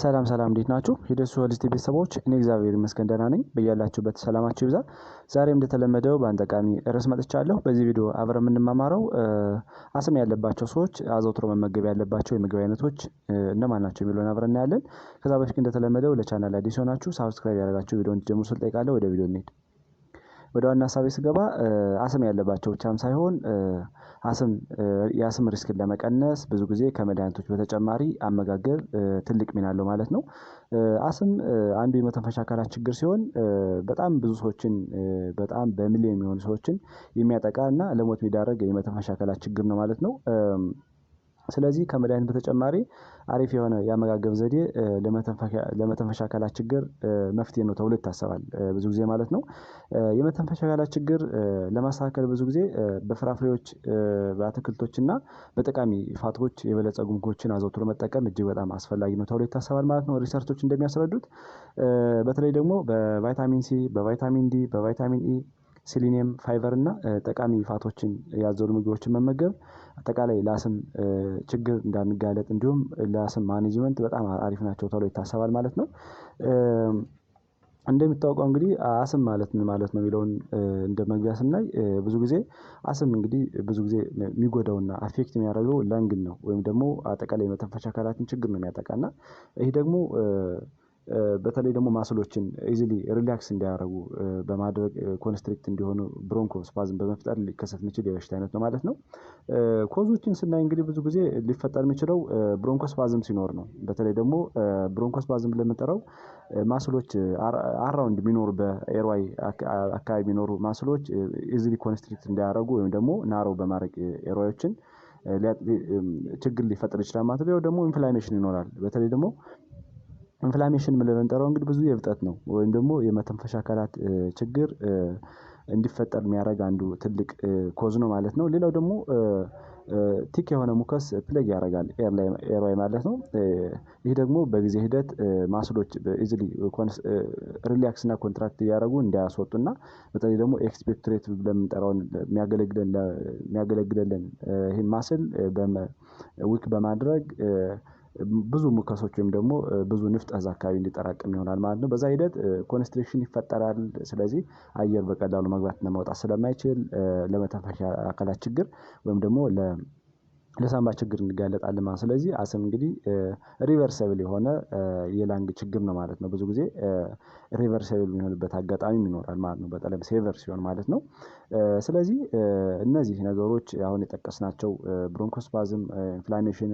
ሰላም ሰላም እንዴት ናችሁ? የደሱ ሆሊስቲ ቤተሰቦች፣ እኔ እግዚአብሔር ይመስገን ደህና ነኝ። በያላችሁበት ሰላማችሁ ይብዛ። ዛሬም እንደተለመደው በአንድ ጠቃሚ ርዕስ መጥቻለሁ። በዚህ ቪዲዮ አብረ የምንማማረው አስም ያለባቸው ሰዎች አዘውትሮ መመገብ ያለባቸው የምግብ አይነቶች እነማን ናቸው የሚለውን አብረ እናያለን። ከዛ በፊት እንደተለመደው ለቻናል አዲስ ሆናችሁ ሳብስክራይብ ያደረጋችሁ ቪዲዮ እንዲጀምሩ ስል ጠይቃለሁ። ወደ ቪዲዮ እንሄድ ወደ ዋና ሀሳቤ ስገባ አስም ያለባቸው ብቻም ሳይሆን የአስም ሪስክን ለመቀነስ ብዙ ጊዜ ከመድኃኒቶች በተጨማሪ አመጋገብ ትልቅ ሚና አለው ማለት ነው። አስም አንዱ የመተንፈሻ አካላት ችግር ሲሆን በጣም ብዙ ሰዎችን በጣም በሚሊዮን የሚሆኑ ሰዎችን የሚያጠቃ እና ለሞት የሚዳረግ የመተንፈሻ አካላት ችግር ነው ማለት ነው። ስለዚህ ከመድኃኒት በተጨማሪ አሪፍ የሆነ የአመጋገብ ዘዴ ለመተንፈሻ አካላት ችግር መፍትሄ ነው ተብሎ ይታሰባል ብዙ ጊዜ ማለት ነው። የመተንፈሻ አካላት ችግር ለማስተካከል ብዙ ጊዜ በፍራፍሬዎች በአትክልቶች እና በጠቃሚ ፋቶች የበለፀጉ ምግቦችን አዘውትሮ መጠቀም እጅግ በጣም አስፈላጊ ነው ተብሎ ይታሰባል ማለት ነው። ሪሰርቾች እንደሚያስረዱት በተለይ ደግሞ በቫይታሚን ሲ በቫይታሚን ዲ በቫይታሚን ኢ ሲሊኒየም ፋይቨር እና ጠቃሚ ፋቶችን ያዘሉ ምግቦችን መመገብ አጠቃላይ ለአስም ችግር እንዳንጋለጥ እንዲሁም ለአስም ማኔጅመንት በጣም አሪፍ ናቸው ተብሎ ይታሰባል ማለት ነው። እንደሚታወቀው እንግዲህ አስም ማለት ምን ማለት ነው? የሚለውን እንደ መግቢያ ስናይ ብዙ ጊዜ አስም እንግዲህ ብዙ ጊዜ የሚጎዳውና አፌክት የሚያደርገው ለንግን ነው ወይም ደግሞ አጠቃላይ መተንፈሻ አካላትን ችግር ነው የሚያጠቃ እና ይህ ደግሞ በተለይ ደግሞ ማስሎችን ኢዚሊ ሪላክስ እንዲያደርጉ በማድረግ ኮንስትሪክት እንዲሆኑ ብሮንኮ ስፓዝም በመፍጠር ሊከሰት የሚችል የበሽታ አይነት ነው ማለት ነው። ኮዞችን ስናይ እንግዲህ ብዙ ጊዜ ሊፈጠር የሚችለው ብሮንኮ ስፓዝም ሲኖር ነው። በተለይ ደግሞ ብሮንኮ ስፓዝም ለምንጠራው ማስሎች አራውንድ የሚኖሩ በኤርዋይ አካባቢ የሚኖሩ ማስሎች ኢዚሊ ኮንስትሪክት እንዳያደረጉ ወይም ደግሞ ናረው በማድረግ ኤርዋዮችን ችግር ሊፈጥር ይችላል ማለት ነው። ደግሞ ኢንፍላሜሽን ይኖራል። በተለይ ደግሞ ኢንፍላሜሽን ምለን እንጠራው እንግዲህ ብዙ የእብጠት ነው ወይም ደግሞ የመተንፈሻ አካላት ችግር እንዲፈጠር የሚያደርግ አንዱ ትልቅ ኮዝ ነው ማለት ነው። ሌላው ደግሞ ቲክ የሆነ ሙከስ ፕለግ ያደርጋል ኤርዋይ ማለት ነው። ይሄ ደግሞ በጊዜ ሂደት ማስሎች ኢዚሊ ሪላክስ እና ኮንትራክት እያደረጉ እንዳያስወጡና በተለይ ደግሞ ኤክስፔክትሬት ብለን የሚያገለግለን የሚያገለግለን ማስል ዊክ በማድረግ ብዙ ሙከሶች ወይም ደግሞ ብዙ ንፍጥ እዛ አካባቢ እንዲጠራቅም ይሆናል ማለት ነው። በዛ ሂደት ኮንስትሪክሽን ይፈጠራል። ስለዚህ አየር በቀላሉ መግባት ለማውጣት ስለማይችል ለመተንፈሻ አካላት ችግር ወይም ደግሞ ለ ለሳምባ ችግር እንጋለጣለን ማለት ስለዚህ አስም እንግዲህ ሪቨርሰብል የሆነ የላንግ ችግር ነው ማለት ነው። ብዙ ጊዜ ሪቨርሰብል የሚሆንበት አጋጣሚ ይኖራል ማለት ነው። በተለይ ሴቨር ሲሆን ማለት ነው። ስለዚህ እነዚህ ነገሮች አሁን የጠቀስናቸው ብሮንኮስፓዝም ኢንፍላሜሽን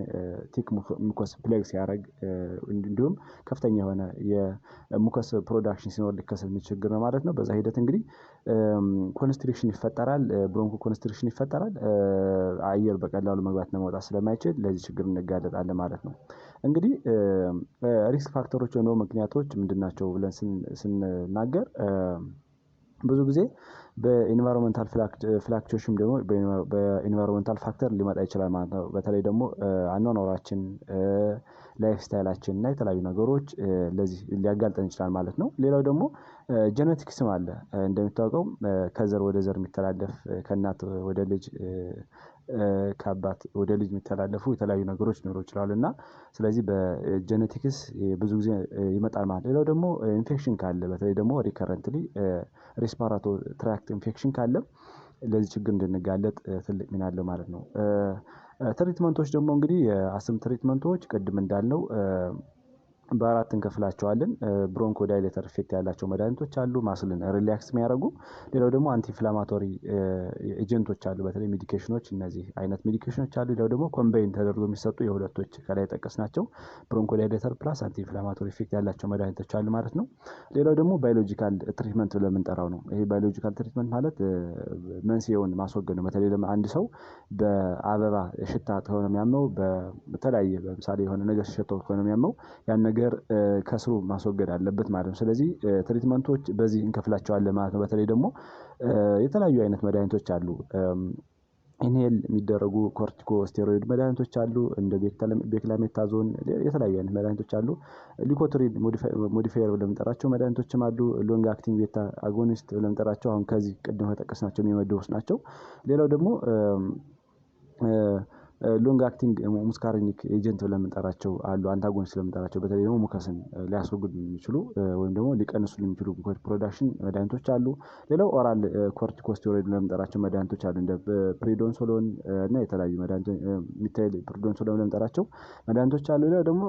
ቲክ ሙኮስ ፕሌግስ ያደረግ እንዲሁም ከፍተኛ የሆነ የሙኮስ ፕሮዳክሽን ሲኖር ሊከሰት የሚችል ችግር ነው ማለት ነው። በዛ ሂደት እንግዲህ ኮንስትሪክሽን ይፈጠራል ብሮንኮ ኮንስትሪክሽን ይፈጠራል። አየር በቀላሉ መግባት ነፃነት ለመውጣት ስለማይችል ለዚህ ችግር እንጋለጣለን ማለት ነው። እንግዲህ ሪስክ ፋክተሮች ወይም ምክንያቶች ምንድናቸው ብለን ስንናገር ብዙ ጊዜ በኢንቫይሮንመንታል ፍላክቾሽም ደግሞ በኢንቫይሮንመንታል ፋክተር ሊመጣ ይችላል ማለት ነው። በተለይ ደግሞ አኗኗራችን ላይፍ ስታይላችን እና የተለያዩ ነገሮች ለዚህ ሊያጋልጠን ይችላል ማለት ነው። ሌላው ደግሞ ጀነቲክስም አለ እንደሚታወቀው ከዘር ወደ ዘር የሚተላለፍ ከእናት ወደ ልጅ ከአባት ወደ ልጅ የሚተላለፉ የተለያዩ ነገሮች ሊኖሩ ይችላሉ እና ስለዚህ በጀኔቲክስ ብዙ ጊዜ ይመጣል ማለት። ሌላው ደግሞ ኢንፌክሽን ካለ በተለይ ደግሞ ሪከረንትሊ ሬስፓራቶ ትራክት ኢንፌክሽን ካለ ለዚህ ችግር እንድንጋለጥ ትልቅ ሚና አለው ማለት ነው። ትሪትመንቶች ደግሞ እንግዲህ የአስም ትሪትመንቶች ቅድም እንዳልነው በአራት እንከፍላቸዋለን። ብሮንኮ ዳይሌተር ኢፌክት ያላቸው መድኃኒቶች አሉ፣ ማስልን ሪላክስ የሚያደርጉ። ሌላው ደግሞ አንቲኢንፍላማቶሪ ኤጀንቶች አሉ፣ በተለይ ሜዲኬሽኖች፣ እነዚህ አይነት ሜዲኬሽኖች አሉ። ሌላው ደግሞ ኮምባይን ተደርጎ የሚሰጡ የሁለቶች ከላይ ጠቀስ ናቸው፣ ብሮንኮ ዳይሌተር ፕላስ አንቲኢንፍላማቶሪ ኢፌክት ያላቸው መድኃኒቶች አሉ ማለት ነው። ሌላው ደግሞ ባዮሎጂካል ትሪትመንት ብለን የምንጠራው ነው። ይሄ ባዮሎጂካል ትሪትመንት ማለት መንስኤውን ማስወገድ ነው። በተለይ አንድ ሰው በአበባ ሽታ ከሆነ የሚያመው በተለያየ ለምሳሌ የሆነ ነገር ሲሸጠው ከሆነ የሚያመው ያን ነገር ነገር ከስሩ ማስወገድ አለበት ማለት ነው። ስለዚህ ትሪትመንቶች በዚህ እንከፍላቸዋለን ማለት ነው። በተለይ ደግሞ የተለያዩ አይነት መድኃኒቶች አሉ። ኢንሄል የሚደረጉ ኮርቲኮ ስቴሮይድ መድኃኒቶች አሉ። እንደ ቤክላሜታዞን የተለያዩ አይነት መድኃኒቶች አሉ። ሊኮትሪድ ሞዲፋየር ብለምንጠራቸው መድኃኒቶችም አሉ። ሎንግ አክቲንግ ቤታ አጎኒስት ብለምንጠራቸው አሁን ከዚህ ቅድም ከጠቀስናቸው የሚመደቡት ናቸው። ሌላው ደግሞ ሎንግ አክቲንግ ሙስካሪኒክ ኤጀንት ለምንጠራቸው አሉ። አንታጎን ስለምንጠራቸው በተለይ ደግሞ ሙከስን ሊያስወግዱ የሚችሉ ወይም ደግሞ ሊቀንሱ የሚችሉ ፕሮዳክሽን መድኃኒቶች አሉ። ሌላው ኦራል ኮርቲኮስቴሮይድ ለምንጠራቸው መድኃኒቶች አሉ። እንደ ፕሪዶንሶሎን እና የተለያዩ ሚታይል ፕሪዶንሶሎን ለምንጠራቸው መድኃኒቶች አሉ። ሌላው ደግሞ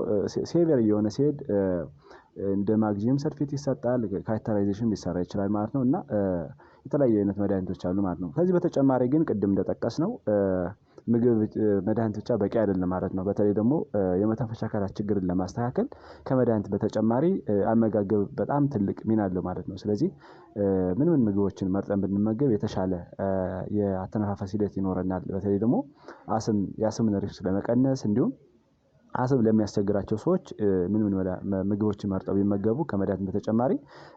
ሴቨር እየሆነ ሲሄድ እንደ ማግዚየም ሰልፌት ይሰጣል። ካቴተራይዜሽን ሊሰራ ይችላል ማለት ነው እና የተለያዩ አይነት መድኃኒቶች አሉ ማለት ነው። ከዚህ በተጨማሪ ግን ቅድም እንደጠቀስ ነው ምግብ መድኃኒት ብቻ በቂ አይደለም ማለት ነው። በተለይ ደግሞ የመተንፈሻ አካላት ችግርን ለማስተካከል ከመድሃኒት በተጨማሪ አመጋገብ በጣም ትልቅ ሚና አለው ማለት ነው። ስለዚህ ምን ምን ምግቦችን መርጠን ብንመገብ የተሻለ የአተነፋፈስ ሂደት ይኖረናል በተለይ ደግሞ አስም የአስምን ሪስክ ለመቀነስ እንዲሁም አስብ ለሚያስቸግራቸው ሰዎች ምን ምን ምግቦችን መርጠው ቢመገቡ ከመድኃኒት በተጨማሪ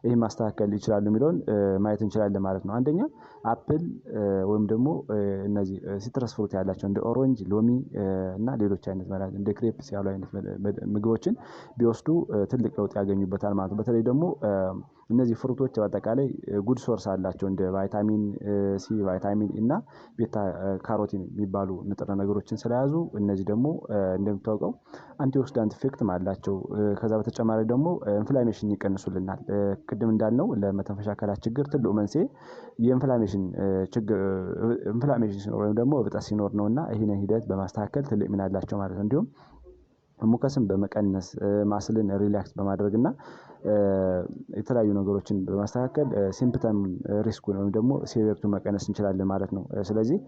ይህን ማስተካከል ይችላሉ የሚለውን ማየት እንችላለን ማለት ነው። አንደኛ አፕል ወይም ደግሞ እነዚህ ሲትረስ ፍሩት ያላቸው እንደ ኦሬንጅ፣ ሎሚ እና ሌሎች አይነት መድኃኒት እንደ ክሬፕስ ያሉ አይነት ምግቦችን ቢወስዱ ትልቅ ለውጥ ያገኙበታል ማለት ነው። በተለይ ደግሞ እነዚህ ፍሩቶች በአጠቃላይ ጉድ ሶርስ አላቸው እንደ ቫይታሚን ሲ፣ ቫይታሚን እና ቤታ ካሮቲን የሚባሉ ንጥረ ነገሮችን ስለያዙ እነዚህ ደግሞ እንደሚታወቀው አንቲኦክሲዳንት ኢፌክትም አላቸው። ከዛ በተጨማሪ ደግሞ ኢንፍላሜሽን ይቀንሱልናል። ቅድም እንዳልነው ለመተንፈሻ አካላት ችግር ትልቁ መንስኤ የኢንፍላሜሽን ኢንፍላሜሽን ሲኖር ወይም ደግሞ እብጠት ሲኖር ነው እና ይህንን ሂደት በማስተካከል ትልቅ ሚና አላቸው ማለት ነው። እንዲሁም ሙከስን በመቀነስ ማስልን ሪላክስ በማድረግ እና የተለያዩ ነገሮችን በማስተካከል ሲምፕተም ሪስኩን ወይም ደግሞ ሲቪሪቲውን መቀነስ እንችላለን ማለት ነው። ስለዚህ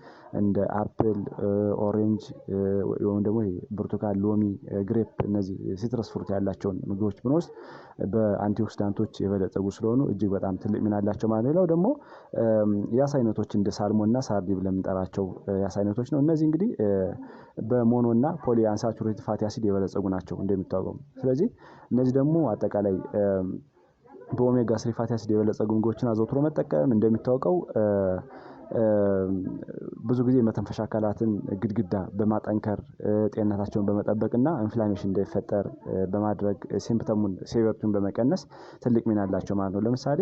እንደ አፕል ኦሬንጅ ወይም ደግሞ ብርቱካን ሎሚ ግሬፕ እነዚህ ሲትረስ ፍሩት ያላቸውን ምግቦች ብንወስድ በአንቲኦክሲዳንቶች የበለፀጉ ስለሆኑ እጅግ በጣም ትልቅ ሚና አላቸው ማለት ነው። ሌላው ደግሞ የአሳ አይነቶች እንደ ሳልሞ እና ሳርዲ ብለን የምንጠራቸው የአሳ አይነቶች ነው። እነዚህ እንግዲህ በሞኖ እና ፖሊ አንሳቹሬትድ ፋቲ አሲድ የበለፀጉ ናቸው እንደሚታወቀው ስለዚህ እነዚህ ደግሞ አጠቃላይ በኦሜጋ ስሪ ፋቲ አሲድ የበለጸጉ ምግቦችን አዘውትሮ መጠቀም እንደሚታወቀው ብዙ ጊዜ መተንፈሻ አካላትን ግድግዳ በማጠንከር ጤንነታቸውን በመጠበቅና ኢንፍላሜሽን እንዳይፈጠር በማድረግ ሲምፕተሙን ሴቨርቱን በመቀነስ ትልቅ ሚና አላቸው ማለት ነው። ለምሳሌ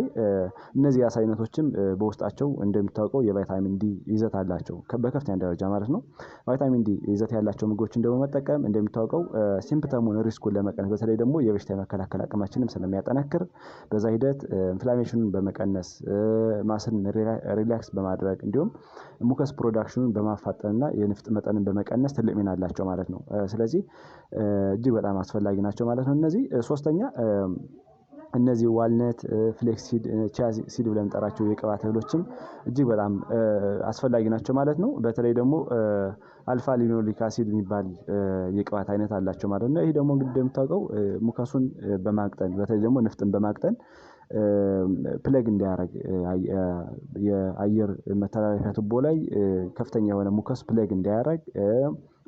እነዚህ የአሳ አይነቶችም በውስጣቸው እንደሚታወቀው የቫይታሚን ዲ ይዘት አላቸው በከፍተኛ ደረጃ ማለት ነው። ቫይታሚን ዲ ይዘት ያላቸው ምግቦችን ደግሞ መጠቀም እንደሚታወቀው ሲምፕተሙን ሪስኩን ለመቀነስ በተለይ ደግሞ የበሽታ የመከላከል አቅማችንም ስለሚያጠናክር በዛ ሂደት ኢንፍላሜሽኑን በመቀነስ ማስን ሪላክስ በማድረግ በማድረግ እንዲሁም ሙከስ ፕሮዳክሽኑን በማፋጠንና የንፍጥ መጠንን በመቀነስ ትልቅ ሚና አላቸው ማለት ነው። ስለዚህ እጅግ በጣም አስፈላጊ ናቸው ማለት ነው። እነዚህ ሶስተኛ እነዚህ ዋልነት፣ ፍሌክስሲድ ቺያ ሲድ ብለን ጠራቸው የቅባት እህሎችም እጅግ በጣም አስፈላጊ ናቸው ማለት ነው። በተለይ ደግሞ አልፋ ሊኖሊክ አሲድ የሚባል የቅባት አይነት አላቸው ማለት ነው። ይህ ደግሞ እንግዲህ እንደምታውቀው ሙከሱን በማቅጠን በተለይ ደግሞ ንፍጥን በማቅጠን ፕለግ እንዲያደረግ የአየር መተላለፊያ ቱቦ ላይ ከፍተኛ የሆነ ሙከስ ፕለግ እንዲያደረግ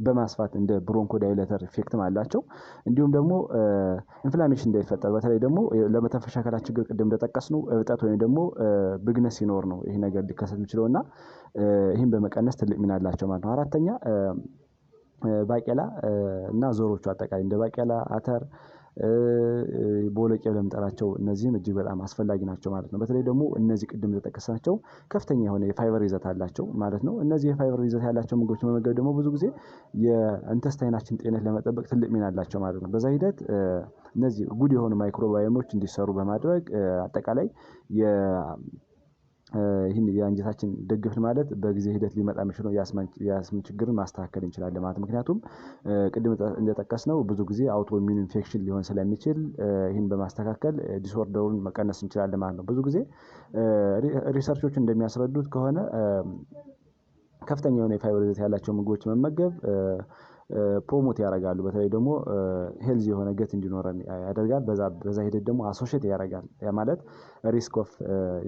በማስፋት እንደ ብሮንኮ ዳይለተር ኢፌክትም አላቸው። እንዲሁም ደግሞ ኢንፍላሜሽን እንዳይፈጠር በተለይ ደግሞ ለመተንፈሻ አካላት ችግር ቅድም ነው እብጠት ወይም ደግሞ ብግነት ሲኖር ነው ይሄ ነገር ሊከሰት የሚችለው እና ይህም በመቀነስ ትልቅ ሚና አላቸው ማለት ነው። አራተኛ ባቄላ እና ዞሮቹ አጠቃላይ እንደ ባቄላ አተር ቦለቄ ለምጠራቸው እነዚህም እጅግ በጣም አስፈላጊ ናቸው ማለት ነው። በተለይ ደግሞ እነዚህ ቅድም የጠቀስናቸው ከፍተኛ የሆነ የፋይበር ይዘት አላቸው ማለት ነው። እነዚህ የፋይበር ይዘት ያላቸው ምግቦች መመገብ ደግሞ ብዙ ጊዜ የእንተስታይናችን ጤነት ለመጠበቅ ትልቅ ሚና አላቸው ማለት ነው። በዛ ሂደት እነዚህ ጉድ የሆኑ ማይክሮባዮሞች እንዲሰሩ በማድረግ አጠቃላይ ይህን የአንጀታችን ደግፍን ማለት በጊዜ ሂደት ሊመጣ የሚችለው የአስም ችግርን ማስተካከል እንችላለን ማለት ምክንያቱም ቅድም እንደጠቀስነው ብዙ ጊዜ አውቶ ኢንፌክሽን ሊሆን ስለሚችል ይህን በማስተካከል ዲስኦርደሩን መቀነስ እንችላለን ማለት ነው። ብዙ ጊዜ ሪሰርቾች እንደሚያስረዱት ከሆነ ከፍተኛ የሆነ የፋይበር ይዘት ያላቸው ምግቦች መመገብ ፕሮሞት ያደርጋሉ። በተለይ ደግሞ ሄልዝ የሆነ ገት እንዲኖረን ያደርጋል። በዛ ሂደት ደግሞ አሶሽት ያደርጋል። ያ ማለት ሪስክ ኦፍ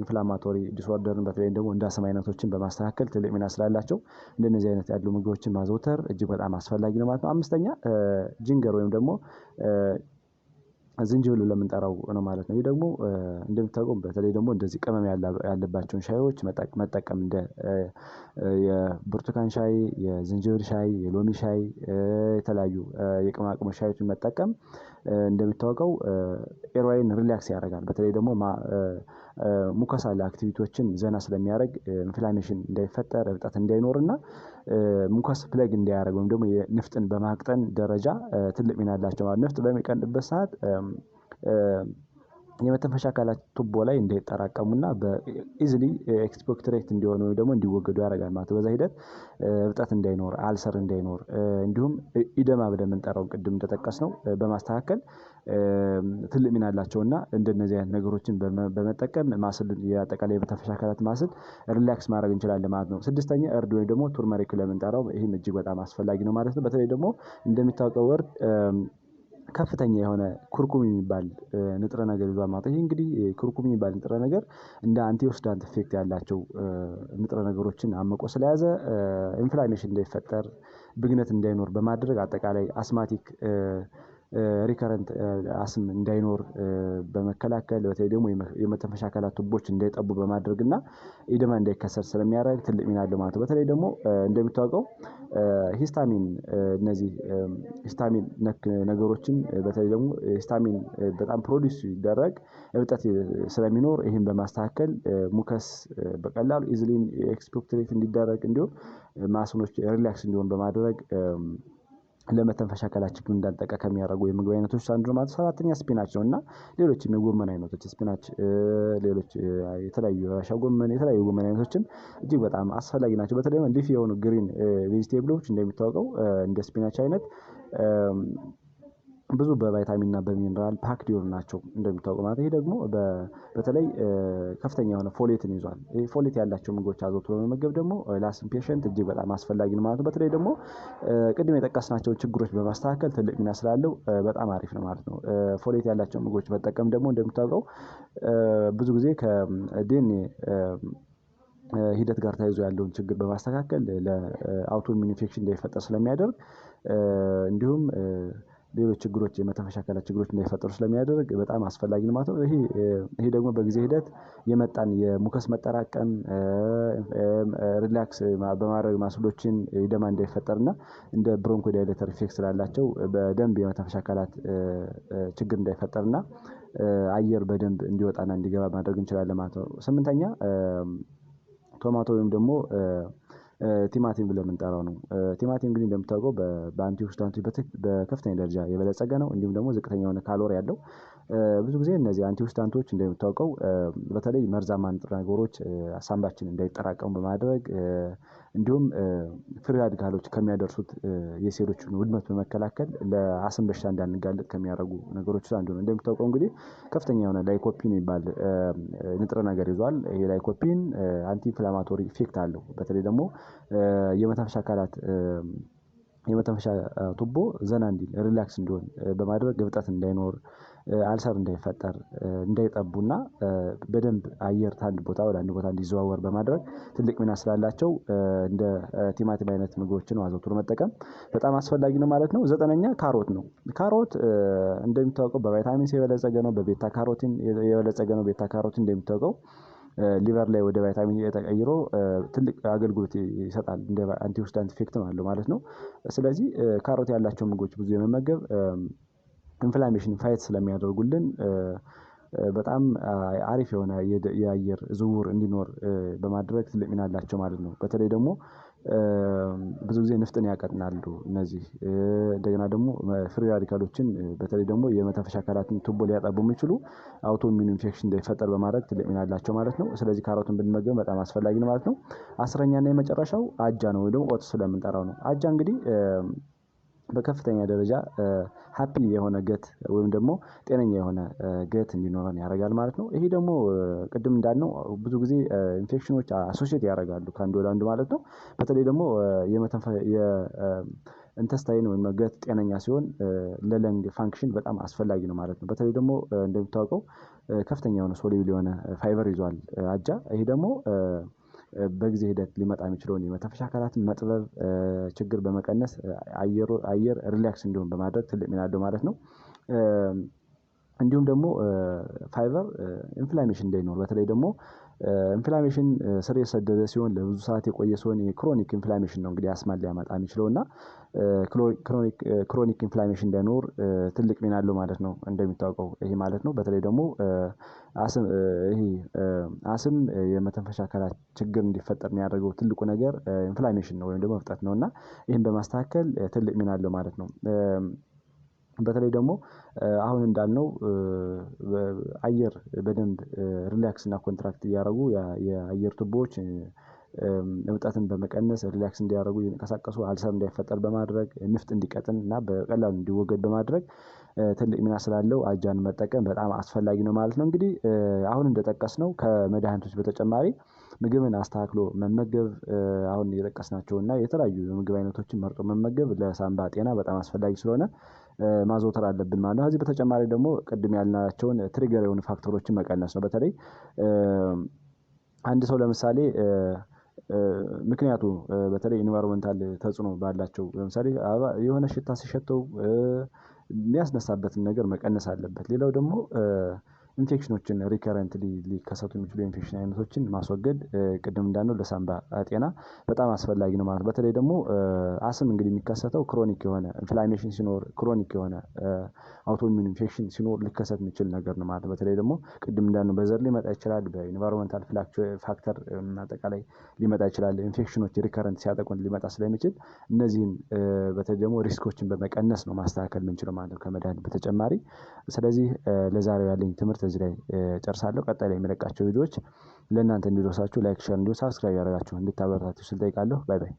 ኢንፍላማቶሪ ዲስኦርደርን በተለይ ደግሞ እንደ አስም አይነቶችን በማስተካከል ትልቅ ሚና ስላላቸው እንደነዚህ አይነት ያሉ ምግቦችን ማዘውተር እጅግ በጣም አስፈላጊ ነው ማለት ነው። አምስተኛ ጅንገር ወይም ደግሞ ዝንጅብል ብለን የምንጠራው ነው ማለት ነው። ይህ ደግሞ እንደምታውቀው በተለይ ደግሞ እንደዚህ ቅመም ያለባቸውን ሻዮች መጠቀም እንደ የብርቱካን ሻይ፣ የዝንጅብል ሻይ፣ የሎሚ ሻይ የተለያዩ የቅመማ ሻዎችን ሻዮችን መጠቀም እንደሚታወቀው ኤርዋይን ሪላክስ ያደርጋል። በተለይ ደግሞ ሙከሳ አክቲቪቲዎችን ዘና ስለሚያደርግ ኢንፍላሜሽን እንዳይፈጠር እብጠት እንዳይኖርና ሙከስ ፕለግ እንዳያደርግ ወይም ደግሞ ንፍጥን በማቅጠን ደረጃ ትልቅ ሚና ያላቸው ማለት። ንፍጥ በሚቀንበት ሰዓት የመተንፈሻ አካላት ቱቦ ላይ እንዳይጠራቀሙና በኢዝሊ ኤክስፖክትሬት እንዲሆኑ ወይም ደግሞ እንዲወገዱ ያደርጋል ማለት። በዛ ሂደት እብጠት እንዳይኖር፣ አልሰር እንዳይኖር እንዲሁም ኢደማ ብለን የምንጠራው ቅድም እንደጠቀስ ነው በማስተካከል ትልቅ ሚና አላቸውና እንደነዚህ አይነት ነገሮችን በመጠቀም ማስል የአጠቃላይ የመተንፈሻ አካላት ማስል ሪላክስ ማድረግ እንችላለን ማለት ነው። ስድስተኛ እርድ ወይም ደግሞ ቱርመሪክ ለምንጠራው ይህም እጅግ በጣም አስፈላጊ ነው ማለት ነው። በተለይ ደግሞ እንደሚታወቀው እርድ ከፍተኛ የሆነ ኩርኩም የሚባል ንጥረ ነገር ይዟል ማለት ነው። ይሄ እንግዲህ ኩርኩም የሚባል ንጥረ ነገር እንደ አንቲኦክሲዳንት ኢፌክት ያላቸው ንጥረ ነገሮችን አምቆ ስለያዘ ኢንፍላሜሽን እንዳይፈጠር ብግነት እንዳይኖር በማድረግ አጠቃላይ አስማቲክ ሪከረንት አስም እንዳይኖር በመከላከል በተለይ ደግሞ የመተንፈሻ አካላት ቱቦች እንዳይጠቡ በማድረግ እና ኢደማ እንዳይከሰት ስለሚያደርግ ትልቅ ሚና አለው ማለት ነው። በተለይ ደግሞ እንደሚታወቀው ሂስታሚን እነዚህ ሂስታሚን ነክ ነገሮችን በተለይ ደግሞ ሂስታሚን በጣም ፕሮዲስ ሲደረግ እብጠት ስለሚኖር ይህን በማስተካከል ሙከስ በቀላሉ ኢዝሊን ኤክስፖክትሬት እንዲደረግ እንዲሁም ማስኖች ሪላክስ እንዲሆን በማድረግ ለመተንፈሻ አካላት ችግር እንዳልጠቃ ከሚያደርጉ የምግብ አይነቶች አንዱ ማለት ሰባተኛ ስፒናች ነው እና ሌሎች የጎመን አይነቶች ስፒናች፣ ሌሎች የተለያዩ ራሻ ጎመን፣ የተለያዩ ጎመን አይነቶችም እጅግ በጣም አስፈላጊ ናቸው። በተለይ ሊፍ የሆኑ ግሪን ቬጅቴብሎች እንደሚታወቀው እንደ ስፒናች አይነት ብዙ በቫይታሚን እና በሚኒራል ፓክድ የሆኑ ናቸው እንደሚታወቁ ማለት። ይሄ ደግሞ በተለይ ከፍተኛ የሆነ ፎሌትን ይዟል። ፎሌት ያላቸው ምግቦች አዘውትሮ መመገብ ደግሞ ላስን ፔሸንት እጅግ በጣም አስፈላጊ ነው ማለት ነው። በተለይ ደግሞ ቅድም የጠቀስናቸውን ችግሮች በማስተካከል ትልቅ ሚና ስላለው በጣም አሪፍ ነው ማለት ነው። ፎሌት ያላቸው ምግቦች መጠቀም ደግሞ እንደሚታወቀው ብዙ ጊዜ ከዴን ሂደት ጋር ተያይዞ ያለውን ችግር በማስተካከል ለአውቶሚን ኢንፌክሽን እንዳይፈጠር ስለሚያደርግ እንዲሁም ሌሎች ችግሮች የመተንፈሻ አካላት ችግሮች እንዳይፈጠሩ ስለሚያደርግ በጣም አስፈላጊ ነው ማለት ነው። ይሄ ደግሞ በጊዜ ሂደት የመጣን የሙከስ መጠራቀም ሪላክስ በማድረግ ማስሎችን ደማ እንዳይፈጠርና እንደ ብሮንኮ ዳይሌተር ኢፌክት ስላላቸው በደንብ የመተንፈሻ አካላት ችግር እንዳይፈጠርና አየር በደንብ እንዲወጣና እንዲገባ ማድረግ እንችላለን ማለት ነው። ስምንተኛ ቶማቶ ወይም ደግሞ ቲማቲም ብለን የምንጠራው ነው። ቲማቲም እንግዲህ እንደምታውቀው በአንቲ በከፍተኛ ደረጃ የበለጸገ ነው። እንዲሁም ደግሞ ዝቅተኛ የሆነ ካሎሪ ያለው ብዙ ጊዜ እነዚህ አንቲኦክሲዳንቶች እንደሚታወቀው በተለይ መርዛማ ንጥረ ነገሮች ሳምባችን እንዳይጠራቀሙ በማድረግ እንዲሁም ፍሪ ራዲካሎች ከሚያደርሱት የሴሎችን ውድመት በመከላከል ለአስም በሽታ እንዳንጋለጥ ከሚያደረጉ ነገሮች ውስጥ አንዱ ነው። እንደሚታወቀው እንግዲህ ከፍተኛ የሆነ ላይኮፒን የሚባል ንጥረ ነገር ይዟል። ይሄ ላይኮፒን አንቲ ኢንፍላማቶሪ ኢፌክት አለው። በተለይ ደግሞ የመተንፈሻ አካላት የመተንፈሻ ቱቦ ዘና እንዲል ሪላክስ እንዲሆን በማድረግ እብጠት እንዳይኖር አልሰር እንዳይፈጠር እንዳይጠቡና በደንብ አየር ከአንድ ቦታ ወደ አንድ ቦታ እንዲዘዋወር በማድረግ ትልቅ ሚና ስላላቸው እንደ ቲማቲም አይነት ምግቦችን አዘውትሮ መጠቀም በጣም አስፈላጊ ነው ማለት ነው። ዘጠነኛ ካሮት ነው። ካሮት እንደሚታወቀው በቫይታሚንስ የበለጸገ ነው በቤታ ካሮቲን የበለጸገ ነው ቤታ ካሮቲን እንደሚታወቀው ሊቨር ላይ ወደ ቫይታሚን የተቀይሮ ተቀይሮ ትልቅ አገልግሎት ይሰጣል እንደ አንቲኦክሲዳንት ኢፌክት አለው ማለት ነው። ስለዚህ ካሮት ያላቸው ምግቦች ብዙ የመመገብ ኢንፍላሜሽን ፋይት ስለሚያደርጉልን በጣም አሪፍ የሆነ የአየር ዝውውር እንዲኖር በማድረግ ትልቅ ሚና አላቸው ማለት ነው። በተለይ ደግሞ ብዙ ጊዜ ንፍጥን ያቀጥናሉ እነዚህ እንደገና ደግሞ ፍሪ ራዲካሎችን በተለይ ደግሞ የመተንፈሻ አካላትን ቱቦ ሊያጠቡ የሚችሉ አውቶ ኢንፌክሽን እንዳይፈጠር በማድረግ ትልቅ ሚና አላቸው ማለት ነው። ስለዚህ ካሮትን ብንመገብ በጣም አስፈላጊ ነው ማለት ነው። አስረኛና የመጨረሻው አጃ ነው ወይ ደግሞ ኦትስ ብለን ነው። አጃ እንግዲህ በከፍተኛ ደረጃ ሀፒ የሆነ ገት ወይም ደግሞ ጤነኛ የሆነ ገት እንዲኖረን ያደርጋል ማለት ነው። ይሄ ደግሞ ቅድም እንዳልነው ብዙ ጊዜ ኢንፌክሽኖች አሶሼት ያደርጋሉ ከአንድ ወደ አንዱ ማለት ነው። በተለይ ደግሞ ኢንተስታይን ወይም ገት ጤነኛ ሲሆን ለለንግ ፋንክሽን በጣም አስፈላጊ ነው ማለት ነው። በተለይ ደግሞ እንደሚታወቀው ከፍተኛ የሆነ ሶሊቪል የሆነ ፋይበር ይዟል አጃ ይሄ ደግሞ በጊዜ ሂደት ሊመጣ የሚችለውን የመተንፈሻ አካላትን መጥበብ ችግር በመቀነስ አየር ሪላክስ እንዲሆን በማድረግ ትልቅ ሚና አለው ማለት ነው። እንዲሁም ደግሞ ፋይበር ኢንፍላሜሽን እንዳይኖር በተለይ ደግሞ ኢንፍላሜሽን ስር የሰደደ ሲሆን ለብዙ ሰዓት የቆየ ሲሆን የክሮኒክ ኢንፍላሜሽን ነው እንግዲህ አስማን ሊያመጣ የሚችለው እና ክሮኒክ ኢንፍላሜሽን እንዳይኖር ትልቅ ሚና አለው ማለት ነው። እንደሚታወቀው ይሄ ማለት ነው። በተለይ ደግሞ አስም የመተንፈሻ አካላት ችግር እንዲፈጠር የሚያደርገው ትልቁ ነገር ኢንፍላሜሽን ነው ወይም ደግሞ እብጠት ነው እና ይህን በማስተካከል ትልቅ ሚና አለው ማለት ነው። በተለይ ደግሞ አሁን እንዳልነው አየር በደንብ ሪላክስ እና ኮንትራክት እያደረጉ የአየር ቱቦዎች እብጠትን በመቀነስ ሪላክስ እንዲያደርጉ እየተንቀሳቀሱ አልሰር እንዳይፈጠር በማድረግ ንፍጥ እንዲቀጥን እና በቀላሉ እንዲወገድ በማድረግ ትልቅ ሚና ስላለው አጃን መጠቀም በጣም አስፈላጊ ነው ማለት ነው። እንግዲህ አሁን ነው ከመድኃኒቶች በተጨማሪ ምግብን አስተካክሎ መመገብ አሁን እየጠቀስ ናቸውእና የተለያዩ የምግብ አይነቶችን መርጦ መመገብ ለሳምባ ጤና በጣም አስፈላጊ ስለሆነ ማዘውተር አለብን ማለት ነው። ከዚህ በተጨማሪ ደግሞ ቅድም ያልናቸውን ትሪገር የሆኑ ፋክተሮችን መቀነስ ነው። በተለይ አንድ ሰው ለምሳሌ ምክንያቱ በተለይ ኢንቫይሮመንታል ተጽዕኖ ባላቸው ለምሳሌ የሆነ ሽታ ሲሸተው የሚያስነሳበትን ነገር መቀነስ አለበት። ሌላው ደግሞ ኢንፌክሽኖችን ሪከረንት ሊከሰቱ የሚችሉ የኢንፌክሽን አይነቶችን ማስወገድ ቅድም እንዳነው ለሳንባ ጤና በጣም አስፈላጊ ነው ማለት በተለይ ደግሞ አስም እንግዲህ የሚከሰተው ክሮኒክ የሆነ ኢንፍላሜሽን ሲኖር፣ ክሮኒክ የሆነ አውቶሚን ኢንፌክሽን ሲኖር ሊከሰት የሚችል ነገር ነው ማለት በተለይ ደግሞ ቅድም እንዳነው በዘር ሊመጣ ይችላል፣ በኢንቫይሮንመንታል ፋክተር አጠቃላይ ሊመጣ ይችላል። ኢንፌክሽኖች ሪከረንት ሲያጠቁን ሊመጣ ስለሚችል እነዚህን በተለይ ደግሞ ሪስኮችን በመቀነስ ነው ማስተካከል የምንችለው ማለት ነው ከመድኃኒት በተጨማሪ። ስለዚህ ለዛሬው ያለኝ ትምህርት ትምህርት እዚህ ላይ ጨርሳለሁ። ቀጣይ ላይ የሚለቃቸው ቪዲዮዎች ለእናንተ እንዲደርሳችሁ ላይክ፣ ሸር እንዲሁም ሳብስክራይብ ያደረጋችሁ እንድታበረታችሁ ስል ጠይቃለሁ። ባይ ባይ።